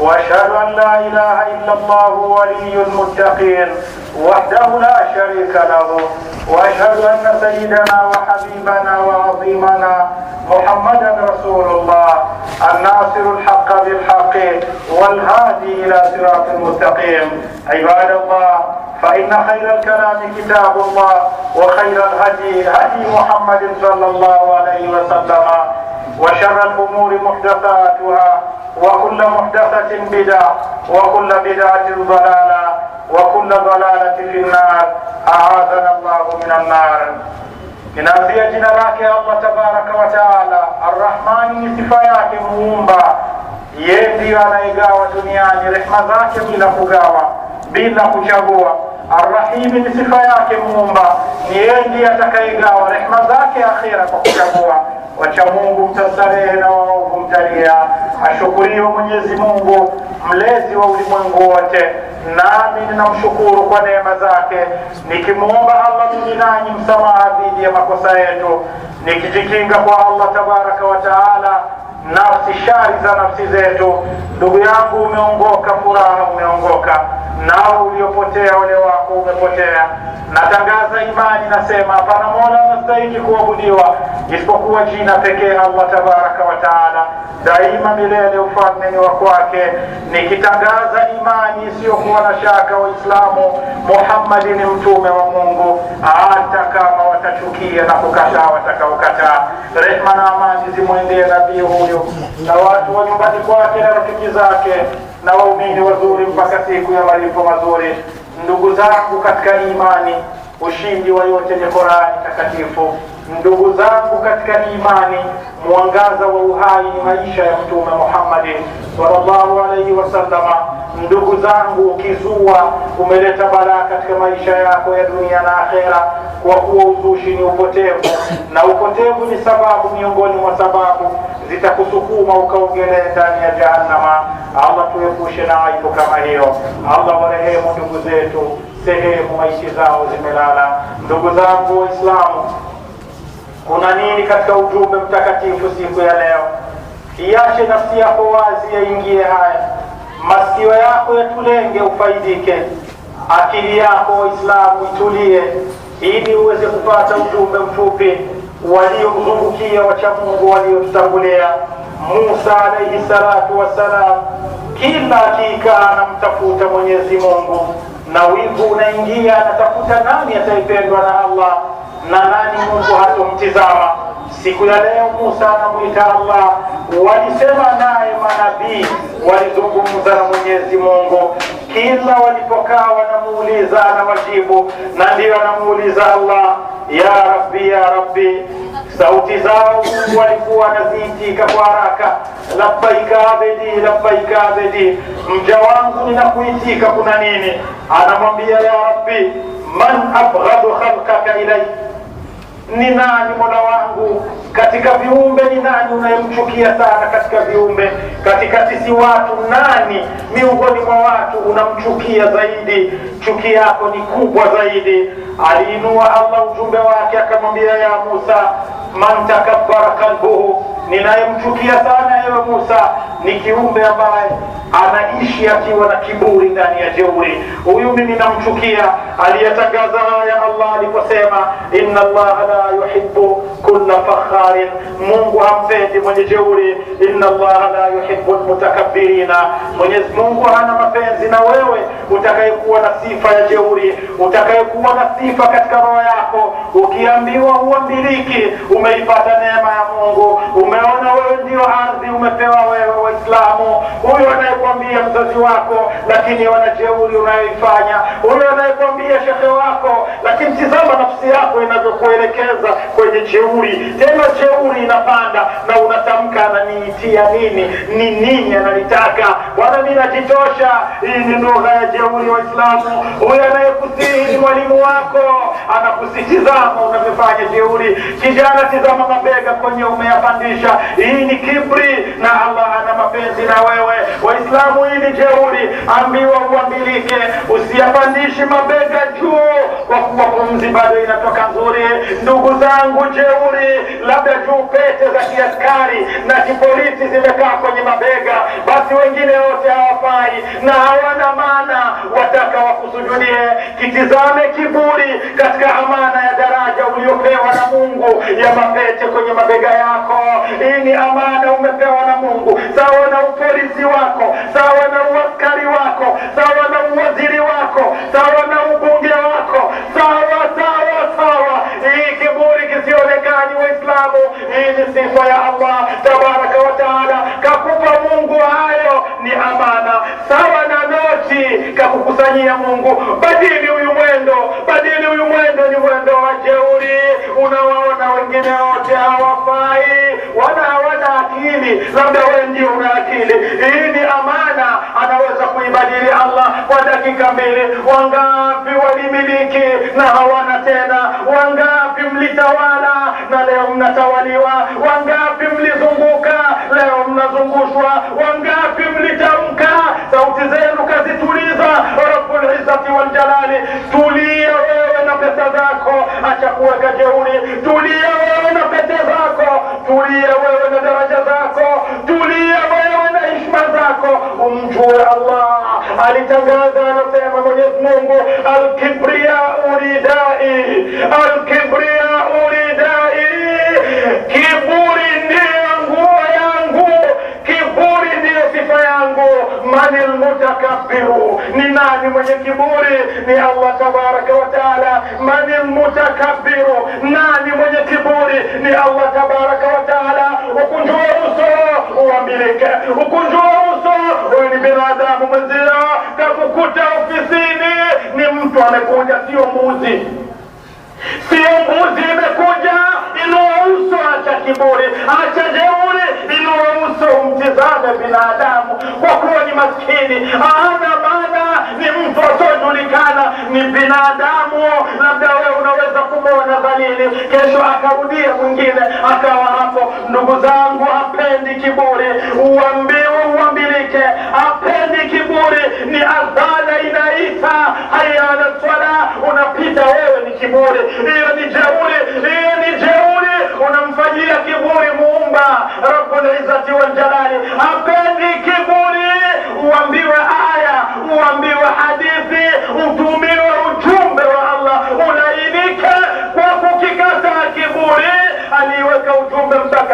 واشهد ان لا اله الا الله ولي المتقين وحده لا شريك له واشهد ان سيدنا وحبيبنا وعظيمنا محمدا رسول الله الناصر الحق بالحق والهادي الى صراط المستقيم عباد الله فإن خير الكلام كتاب الله وخير الهدي هدي محمد صلى الله عليه وسلم وشر الأمور محدثاتها وكل محدثة بدعة وكل بدعة ضلالة وكل ضلالة في النار أعاذنا الله من النار Inaanzia jina lake Allah tabaraka wa Arrahmani ni sifa yake Muumba, yeye ndiyo anayegawa duniani rehma zake bila kugawa, bila kuchagua. Arrahimi ni sifa yake Muumba, ni yeye ndiye atakayegawa rehma zake akhira kwa kuchagua Wacha Mungu mtasarehe na waovu mtalia. Ashukuriwe Mwenyezi Mungu mlezi wa ulimwengu wote, nami ninamshukuru kwa neema zake, nikimwomba Allah mimi nanyi msamaha dhidi ya makosa yetu, nikijikinga kwa Allah tabaraka wa taala nafsi shari za nafsi zetu. Ndugu yangu, umeongoka furaha, umeongoka nao. Uliopotea ole wako, umepotea. Natangaza imani, nasema hapana mola anastahili kuabudiwa isipokuwa jina pekee Allah tabaraka wa taala, daima milele ufalme ni wa kwake, nikitangaza imani isiyokuwa na shaka Waislamu, Muhammadi ni mtume wa Mungu, hata kama watachukia na kukataa watakaokataa. Rehma na amani zimwendee nabii huyu na watu wa nyumbani kwake na rafiki zake na waumini wazuri mpaka siku ya malipo mazuri. Ndugu zangu katika imani, ushindi wa yote ni Qurani takatifu. Ndugu zangu katika imani, mwangaza wa uhai ni maisha ya Mtume Muhammadi sallallahu alaihi wasallama. Ndugu zangu, ukizua umeleta balaa katika maisha yako ya dunia na akhera kwa kuwa uzushi ni upotevu, na upotevu ni sababu miongoni mwa sababu zitakusukuma ukaogelea ndani ya Jahannama. Allah tuepushe na aibu kama hiyo. Allah warehemu ndugu zetu sehemu maishi zao zimelala. Ndugu zangu Waislamu, kuna nini katika ujumbe mtakatifu siku ya leo? Iache nafsi yako wazi, yaingie haya masikio yako yatulenge, ufaidike. Akili yako Waislamu itulie ili uweze kupata ujumbe mfupi waliomzungukia wacha Mungu waliotutangulia. Musa alaihi salatu wassalam, kila akiika anamtafuta Mwenyezi Mungu na wivu unaingia, anatafuta nani ataipendwa na Allah na nani Mungu hatomtizama Siku ya leo Musa anamwita Allah, walisema naye manabii, walizungumza na Mwenyezi Mungu. Kila walipokaa wanamuuliza, anawajibu, na ndiyo anamuuliza Allah, ya Rabbi, ya Rabbi. Sauti zao Mungu alikuwa anaziitika kwa haraka, labbaika abedi, labbaika abedi, mja wangu ninakuitika. Kuna nini? Anamwambia, ya Rabbi, man abghadu khalqaka ilai ni nani Mola wangu katika viumbe? Ni nani unayemchukia sana katika viumbe? Katika sisi watu, nani miongoni mwa watu unamchukia zaidi? Chuki yako ni kubwa zaidi. Aliinua Allah ujumbe wake akamwambia, ya Musa, man ninayemchukia sana ewe Musa ni kiumbe ambaye anaishi akiwa na kiburi ndani ya jeuri. Huyu mimi namchukia, aliyetangaza ya Allah aliposema, inna Allaha la yuhibbu kulla fakharin, Mungu hampendi mwenye jeuri. Inna Allaha la yuhibbu almutakabbirina, Mwenyezi Mungu hana mapenzi na wewe utakayekuwa na sifa ya jeuri, utakayekuwa na sifa katika roho yako, ukiambiwa huambiliki, umeipata neema ya Mungu, umeona wewe ndio ardhi, umepewa wewe Waislamu, huyo anayekwambia mzazi wako lakini wanajeuri unayoifanya, huyo anayekwambia shehe wako, lakini tizama nafsi yako inavyokuelekeza kwenye jeuri, tena jeuri inapanda na unatamka ananiitia nini, ni nini analitaka bwana, mimi najitosha. Hii ni lugha ya jeuri Waislamu. Huyo anayekusihi ni mwalimu wako, anakusitizama unavyofanya jeuri. Kijana, tizama mabega kwenye umeyapandisha, hii ni kibri na Allah ana mapenzi na wewe. Waislamu, hii ni jeuri, ambiwa uambilike, usiyapandishi mabega juu, kwa kuwa pumzi bado inatoka nzuri. Ndugu zangu, jeuri, labda juu pete za kiaskari na kipolisi zimekaa kwenye mabega, basi wengine wote hawafai na hawana maana, wataka wakusujudie. Kitizame kiburi katika amana ya daraja uliopewa na Mungu ya mapete kwenye mabega yako. Hii ni amana umepewa na Mungu sawa na upolisi wako, sawa na uaskari wako, sawa na uwaziri wako, sawa na ubunge wako, sawa sawa sawa. Hii kiburi kisionekani, Waislamu, hii ni sifa ya Allah tabaraka wa taala. Kakupa Mungu hayo ni amana, sawa na noti kakukusanyia Mungu. Badili huyu mwendo, badili huyu mwendo, ni mwendo wa jeuri. Unawaona wengine wote hawafai wana akili, labda wewe ndio una akili. Hii ni amana, anaweza kuibadili Allah kwa dakika mbili. Wangapi walimiliki na hawana tena? Wangapi mlitawala na leo mnatawaliwa? Wangapi mlizunguka, leo mnazungushwa? Wangapi mlitamka, sauti zenu kazituliza? Rabbul izzati wal jalali, tulia njia zako, acha kuweka jeuri. Tulia wewe na pete zako, tulia wewe na daraja zako, tulia wewe na heshima zako, umjue Allah. Alitangaza anasema Mwenyezi Mungu, alkibria uridai, alkibria uridai, kiburi ndiyo nguo yangu, kiburi ndiyo sifa yangu, manil ni nani mwenye kiburi? Ni Allah tabaraka wa taala. Mani lmutakabbiru, nani mwenye kiburi? Ni Allah tabaraka wa taala. Ukunjua uso uambilike, ukunjua uso huyu ni binadamu mwenzio. Kakukuta ofisini ni mtu amekuja, sio mbuzi, sio mbuzi imekuja uso, acha kiburi, acha jeuri, inua uso umtizame binadamu, kwa kuwa ni maskini. Hana maana ni mtu asiojulikana, ni binadamu. Labda wewe unaweza kumwona dhalili, kesho akarudia mwingine akawa hapo. Ndugu zangu, apendi kiburi, uambiwe uambilike, apendi kiburi. Ni adhana inaita hayya ala swala, unapita wewe, ni kiburi, hiyo ni jeuri, hiyo ni jeuri unamfanyia kiburi muumba rabbul izzati wal hapendi kiburi. Uambiwe aya, uambiwe hadithi, utumiwe ujumbe wa Allah, ulainike kwa kukikataa kiburi. Aliweka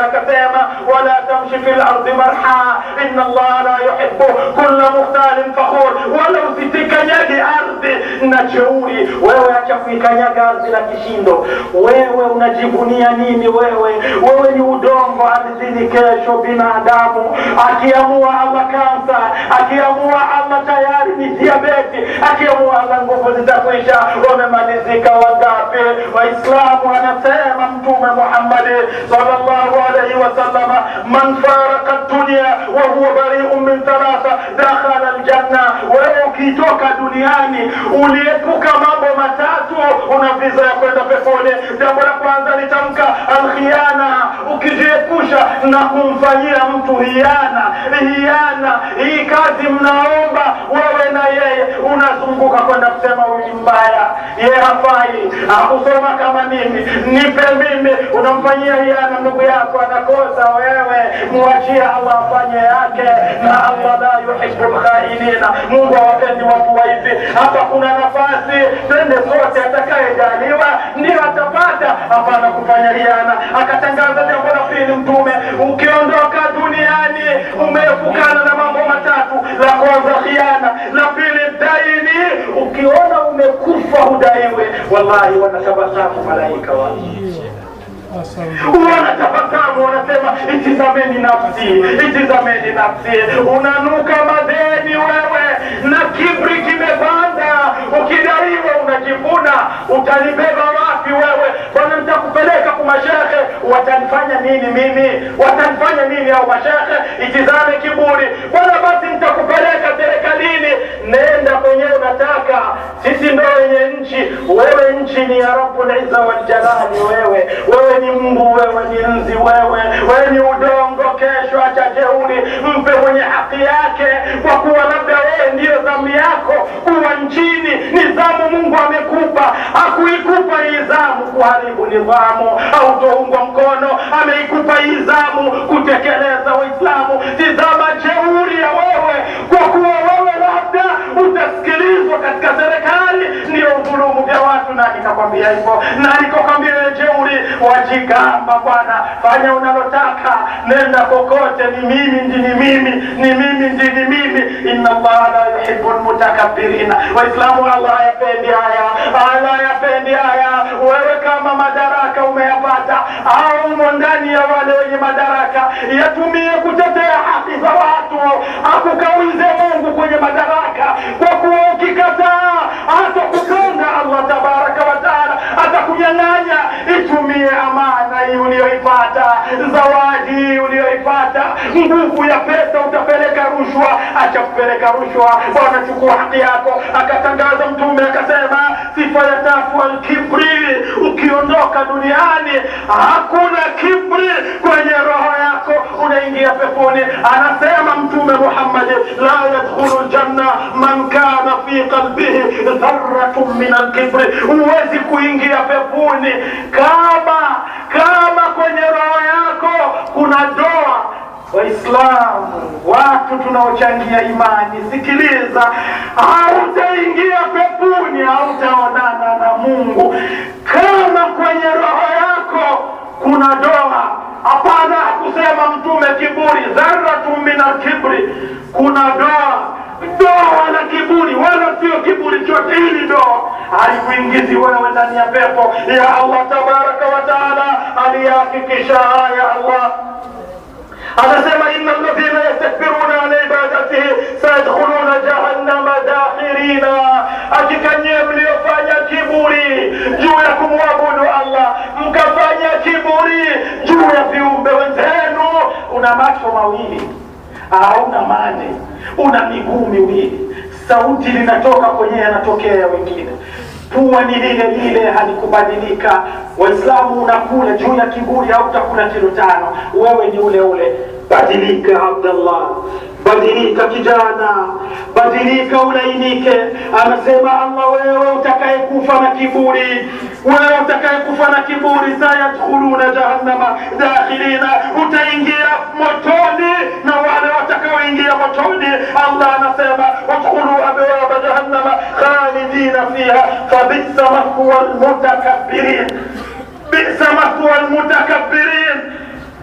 akasema, wala tamshi fil ardi marha inna Allah la yuhibbu kulla mukhtalin fakhur, wala usitikanyage ardhi na jeuri. Wewe acha kuikanyaga ardhi na kishindo. Wewe unajivunia nini? Wewe wewe ni udongo ardhini. Kesho binadamu akiamua ama kansa, akiamua ama tayari ni diabeti, akiamua ama nguvu zitakwisha, wamemalizika wangapi? Waislamu anasema Mtume Muhammad sallallahu عليه وسلم من فارق الدنيا وهو بريء من ثلاثة دخل الجنة. Wewe ukitoka duniani uliepuka mambo matatu una visa ya kwenda peponi. Jambo la kwanza litamka kumwangusha na kumfanyia mtu hiana. Hiana hii kazi mnaomba wewe na yeye, unazunguka kwenda kusema huyu mbaya, yeye hafai, akusoma kama mimi, nipe mimi, unamfanyia hiana ndugu yako, anakosa wewe, muachie Allah afanye yake, na Allah la yuhibu lkhainina, Mungu awapendi watu waivi. Hapa kuna nafasi, twende sote, atakayejaliwa ndio atapata. Hapana kufanya hiana, akatangaza jambo la pili mtu mtume ukiondoka duniani umeepukana na mambo matatu. La kwanza khiana, la pili daini. Ukiona umekufa hudaiwe, wallahi wanatabasamu malaika wa wanatabasamu wanasema, itizameni nafsi, itizameni nafsi, unanuka madeni wewe na kiburi kimepanda, ukidaiwa unajivuna, utalibeba wapi wewe? Bwana, nitakupeleka kwa mashehe, watanifanya nini mimi? Watanifanya nini hao mashehe? Itizame kiburi. Bwana, basi nitakupeleka serikalini, nenda kwenye unataka. Sisi ndo wenye nchi, wewe nchi ni ya Rabbul Izza wal Jalali. Wewe wewe ni Mungu, wewe ni nzi, wewe wewe ni udongo. Kesho acha jeuri, mpe kwamba hakuikupa izamu kuharibu nidhamu au toungwa mkono, ameikupa izamu kutekeleza waislamu Tizama jeuri ya nani kakwambia hivyo? Nani kakwambia jeuri? Wajigamba bwana, fanya unalotaka, nenda kokote, ni mimi ndi, ni mimi ni mimi ndi, ni mimi. Inna Allah la yuhibbu almutakabbirina. Waislamu, Allah yapendi haya, Allah yapendi haya. Wewe kama madaraka umeyapata au umo ndani ya wale wenye madaraka, yatumie kutetea haki za watu, akukawize Mungu kwenye madaraka, kwa kuwa ukikataa hata الله تبارك وتعالى kunyang'anya, itumie amana hii uliyoipata, zawadi hii uliyoipata. Nguvu ya pesa utapeleka rushwa, acha kupeleka rushwa. Bwana, chukua haki yako. Akatangaza Mtume akasema, sifa ya tatu alkibri, ukiondoka duniani hakuna kibri kwenye roho yako, unaingia peponi. Anasema Mtume Muhammad, la yadkhulu ljanna man kana fi qalbihi dharratun min alkibri, huwezi kuingia pepuni. Kama kama kwenye roho yako kuna doa, Waislamu, watu tunaochangia imani, sikiliza, hautaingia pepuni, hautaonana na Mungu kama kwenye roho yako kuna doa. Hapana, hakusema Mtume kiburi, dharratun min alkibri, kuna doa Ndoa na kiburi wala sio kiburi chote. Hili ndoa alikuingizi wewe ndani ya pepo ya Allah tabaraka wa taala, aliyehakikisha haya Allah anasema inna alladhina yastakbiruna an ibadatihi sayadkhuluna jahannama dakhirina, hakika mliofanya kiburi juu ya kumwabudu Allah mkafanya kiburi juu ya viumbe wenzenu, una macho mawili hauna mane, una miguu miwili, sauti linatoka kwenye yanatokea wengine pua ni lile lile, halikubadilika. Waislamu unakula juu ya kiburi au utakula kilo tano, wewe ni ule ule. Badilika Abdallah, badilika kijana, badilika, ulainike. Anasema Allah, wewe utakayekufa na kiburi wale watakayekufa na kiburi, sayadkhuluna jahannama dakhirina, utaingia motoni. Na wale watakaoingia motoni, Allah anasema udkhulu abwaba jahannama khalidina fiha fabisa mahwa almutakabbirin, bisa mahwa almutakabbirin,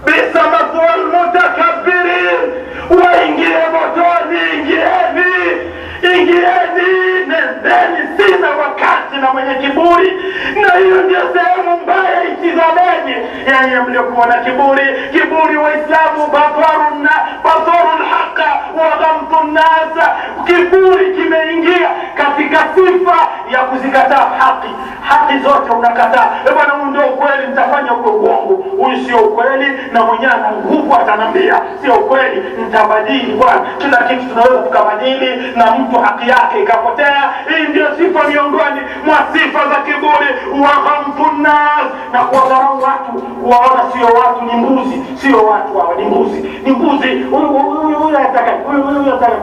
bisa mahwa almutakabbirin. Waingie motoni, ingieni Ingieni, nendeni, sina wakati na mwenye kiburi, na hiyo ndio sehemu mbaya itizameni, yeye mliokuwa na kiburi. Kiburi Waislamu, bataruna batarul haqa wa nasa, kiburi kimeingia katika sifa ya kuzikataa haki. Haki zote unakataa bwana, ndio ukweli, mtafanya ukweli huyu sio ukweli, na mwenyewe ana nguvu, atanambia sio ukweli, nitabadili. Bwana, kila kitu tunaweza tukabadili, na mtu haki yake ikapotea. Hii ndio sifa miongoni mwa sifa za kiburi, wahamtu na kuwadharau watu, kuwaona sio watu, ni mbuzi. Sio watu hawa, ni mbuzi, ni mbuzi. Huyu anataka huyu, huyu anataka,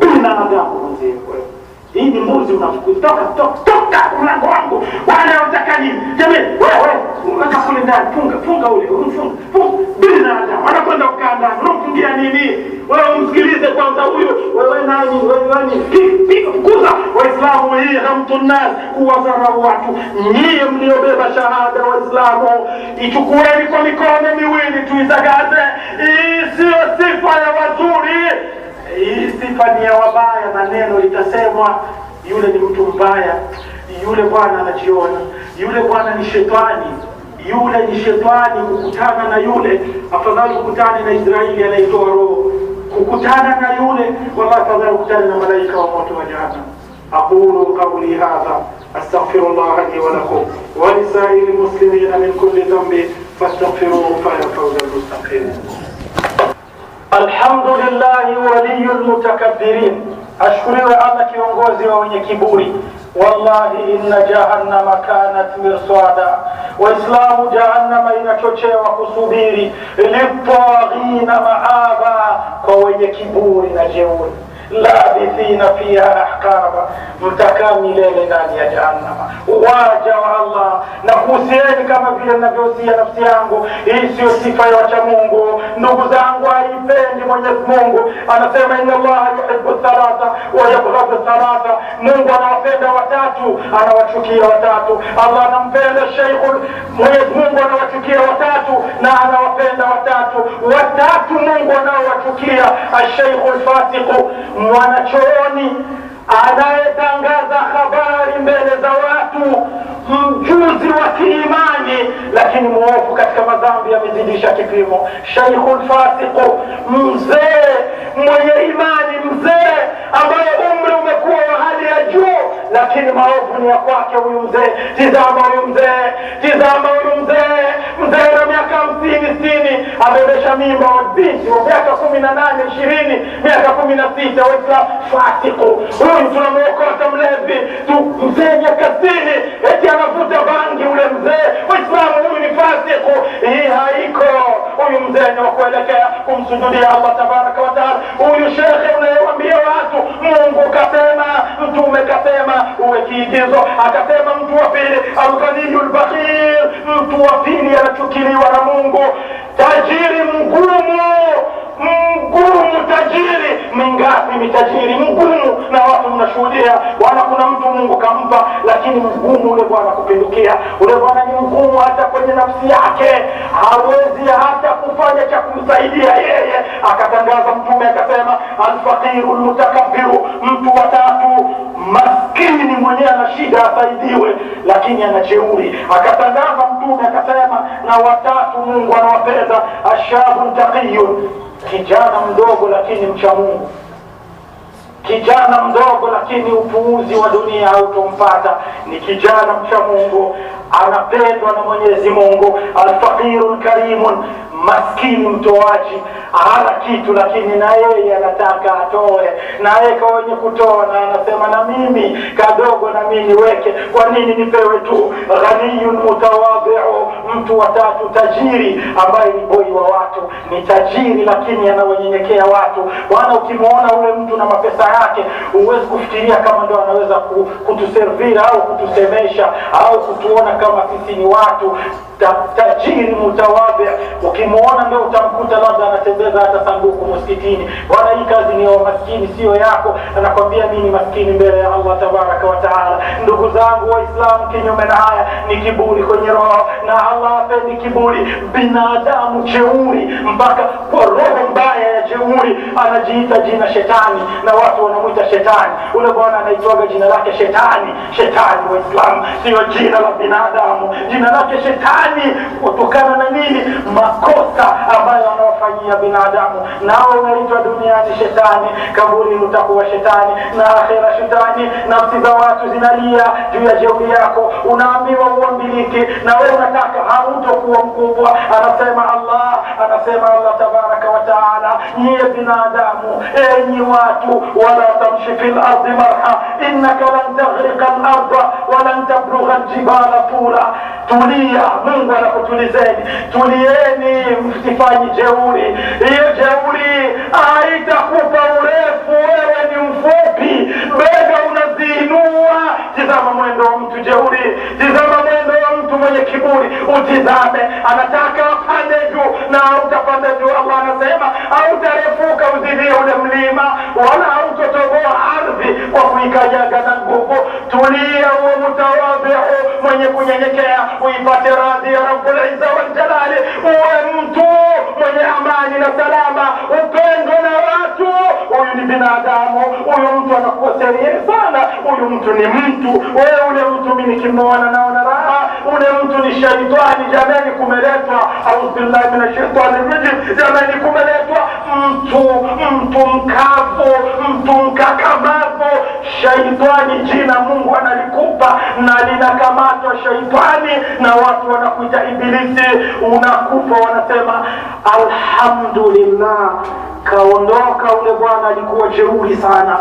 bila nadamu mzee wewe hii ni mbuzi unafukuza, toka toka mlango wangu, bwana unataka nini? Jamani wewe unataka kule ndani, funga funga ule umfunga funga bila nada, wanakwenda ukanda ndani, unamfungia nini wewe? Umsikilize kwanza huyo Wewe nani wewe? Ni piga kuza Waislamu, hii hamtu nas kuwadharau watu. Nyie mliobeba shahada Waislamu, ichukueni kwa mikono miwili tuizagaze Hii sio sifa ya wazuri hii sifa ni ya wabaya maneno itasemwa litasemwa, yule ni mtu mbaya, yule bwana anajiona, yule bwana ni shetani, yule ni shetani. Kukutana na yule afadhali kukutane na Israeli anaitoa roho, kukutana na yule wala afadhali kukutane na malaika wa moto wa jahannam. aqulu qawli hadha astaghfirullah li wa lakum wa lisairil muslimina min kulli dhanbin fastaghfiruhu fa yaghfiru lil Alhamdulillahi waliyul mutakabbirin, ashukuriwe Allah kiongozi wa wenye kiburi. Wallahi inna jahannama kanat mirsada, Waislamu jahannama inachochewa kusubiri, litaghina maaba, kwa wenye kiburi na jeuri labithina fiha ahkama, mtakaa milele ndani ya jahannama. Waja wa Allah na kuhusieni kama vile ninavyohusia nafsi yangu. Hii sio sifa ya wacha Mungu, ndugu zangu, haipendi Mwenyezi Mungu. Anasema inna Allaha yuhibbu thalatha wa yabghadhu thalatha, Mungu anawapenda watatu, anawachukia watatu. Allah anampenda sheikhul, Mwenyezi Mungu anawachukia watatu na anawapenda watatu. Watatu Mungu anaowachukia asheikhul fasiqu mwanachooni anayetangaza habari mbele za watu, mjuzi wa kiimani, lakini muovu katika madhambi yamezidisha kipimo. shaikhu lfasiku mzee mwenye imani, mzee ambaye umri umekuwa wa hali ya juu, lakini maovu ni ya kwake huyu mzee. Tizama huyu mzee, tizama huyu mzee, mzee na miaka hamsini sini amebesha mimba wa binti wa miaka kumi na nane ishirini, miaka kumi na sita, waislam fasiku huyu tunamwokota mlevi, mzee kasini, eti anavuta bangi ule mzee. Waislamu, huyu ni fasiku, hii haiko. Huyu mzee ni wakuelekea kumsujudia Allah tabaraka wa taala. Huyu shekhe unayewambia watu Mungu kasema, mtume kasema, uwe kiigizo. Akasema mtu wa pili, alghaniyu lbakhir, mtu wa pili anachukiliwa na Mungu, tajiri mgumu mgumu tajiri. Mingapi mitajiri mgumu, na watu mnashuhudia, bwana, kuna mtu Mungu kampa, lakini mgumu ule bwana kupindukia, ule bwana ni mgumu hata kwenye nafsi yake, hawezi hata kufanya cha kumsaidia yeye. Akatangaza Mtume akasema, alfakiru lmutakabiru mtu watatu maskini mwenyewe ana shida asaidiwe, lakini ana jeuri Akatangaza Mtume akasema, na watatu Mungu anawapenda ashabun taqiyun kijana mdogo lakini mcha Mungu, kijana mdogo lakini upuuzi wa dunia autompata Ni kijana mcha Mungu, anapendwa na Mwenyezi Mungu, alfaqirun karimun, maskini mtoaji, hana kitu lakini na yeye anataka atoe, na yeka wenye kutoa, na anasema na mimi kadogo, na mimi niweke, kwa nini nipewe tu? ghaniyun mutawadhi'u mtu wa tatu tajiri, ambaye ni boi wa watu, ni tajiri lakini anawenyenyekea watu. Bwana, ukimwona ule mtu na mapesa yake, huwezi kufikiria kama ndo anaweza kutuservira au kutusemesha au kutuona kama sisi ni watu tajiri mutawabi, ukimwona ndio utamkuta labda anatembeza hata sanduku msikitini. Wala hii kazi ni ya maskini, siyo yako. Anakwambia mimi ni maskini mbele ya Allah tabaraka wa taala. Ndugu zangu Waislamu, kinyume na haya ni kiburi kwenye roho, na Allah apendi kiburi. Binadamu cheuri mpaka kwa roho mbaya ya cheuri anajiita jina shetani, na watu wanamwita shetani. Ule bwana anaitwaga jina lake shetani. Shetani Waislamu, siyo jina la binadamu, jina lake shetani nani, kutokana na nini? Makosa ambayo anaofanyia binadamu. Nao unaitwa duniani shetani, kaburi utakuwa shetani, na akhera shetani. Nafsi za watu zinalia juu ya jeuri yako, unaambiwa uambiliki na wewe unataka hautokuwa mkubwa. Anasema Allah, anasema Allah tabaraka wataala taala, binadamu, enyi watu, wala tamshi fi lardi marha innaka lan taghriqa al walan tablugha al jibala tula, tulia Mungu anakutulizeni, tulieni, msifanyi jeuri. Hiyo jeuri haitakupa urefu, wewe ni mfupi, bega unaziinua. Tizama mwendo wa mtu jeuri, tizama mwendo wa mtu mwenye kiburi, utizame anataka tu na hautapanda juu. Allah anasema hautarefuka uzidi ule mlima wala hautotoboa ardhi kwa kuikanyaga na nguvu. Tulia, uo mutawadhiu, mwenye kunyenyekea, uipate radhi ya Rabbul Izza wal Jalali, uwe mtu mwenye amani na salama, upendwe na watu. Huyu ni binadamu, huyu mtu anakuwa serious sana, huyu mtu ni mtu. Wewe ule mtu mimi nikimwona naona raha ule mtu ni shaitani jamani, kumeletwa audhubillahi min ashaitani rajim jamani, kumeletwa mtu mtu mkavu mtu mkakamavu. Shaitani jina Mungu analikupa na linakamatwa shaitani, na watu wanakuita Ibilisi, unakufa wanasema alhamdulillah, kaondoka ule bwana. Alikuwa jeuri sana,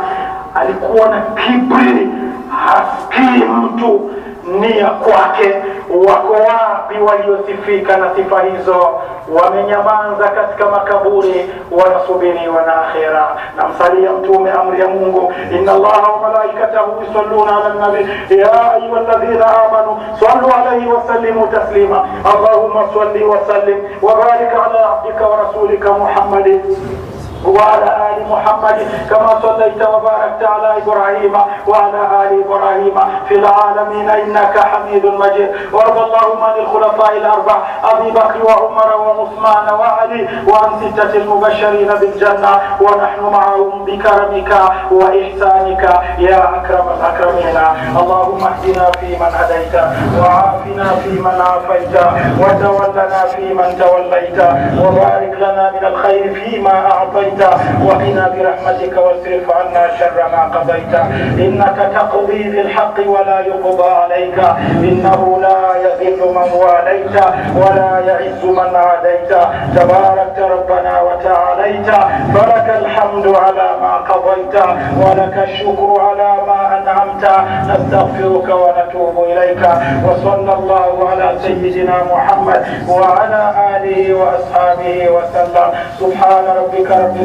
alikuwa na kibri, hasikii mtu nia kwake. Wako wapi waliosifika na sifa hizo? Wamenyamaza katika makaburi, wanasubiriwa na akhera. Namsalia Mtume amri ya Mungu, inna Allaha wa malaikatahu yusalluna ala nabi ya ayuha alladhina amanu sallu alayhi wa sallimu taslima allahumma salli wa sallim wa barik ala abdika wa rasulika Muhammadin وعلى آل محمد كما صليت وباركت على إبراهيم وعلى آل إبراهيم في العالمين إنك حميد مجيد وارض اللهم عن الخلفاء الأربع أبي بكر وعمر وعثمان وعلي وعن ستة المبشرين بالجنة ونحن معهم بكرمك وإحسانك يا أكرم الأكرمين اللهم اهدنا فيمن هديت وعافنا فيمن عافيت وتولنا فيمن توليت وبارك لنا من الخير فيما أعطيت قضيت وقنا برحمتك واصرف عنا شر ما قضيت إنك تقضي بالحق ولا يقضى عليك إنه لا يذل من واليت ولا يعز من عاديت تباركت ربنا وتعاليت فلك الحمد على ما قضيت ولك الشكر على ما أنعمت نستغفرك ونتوب إليك وصلى الله على سيدنا محمد وعلى آله وأصحابه وسلم سبحان ربك رب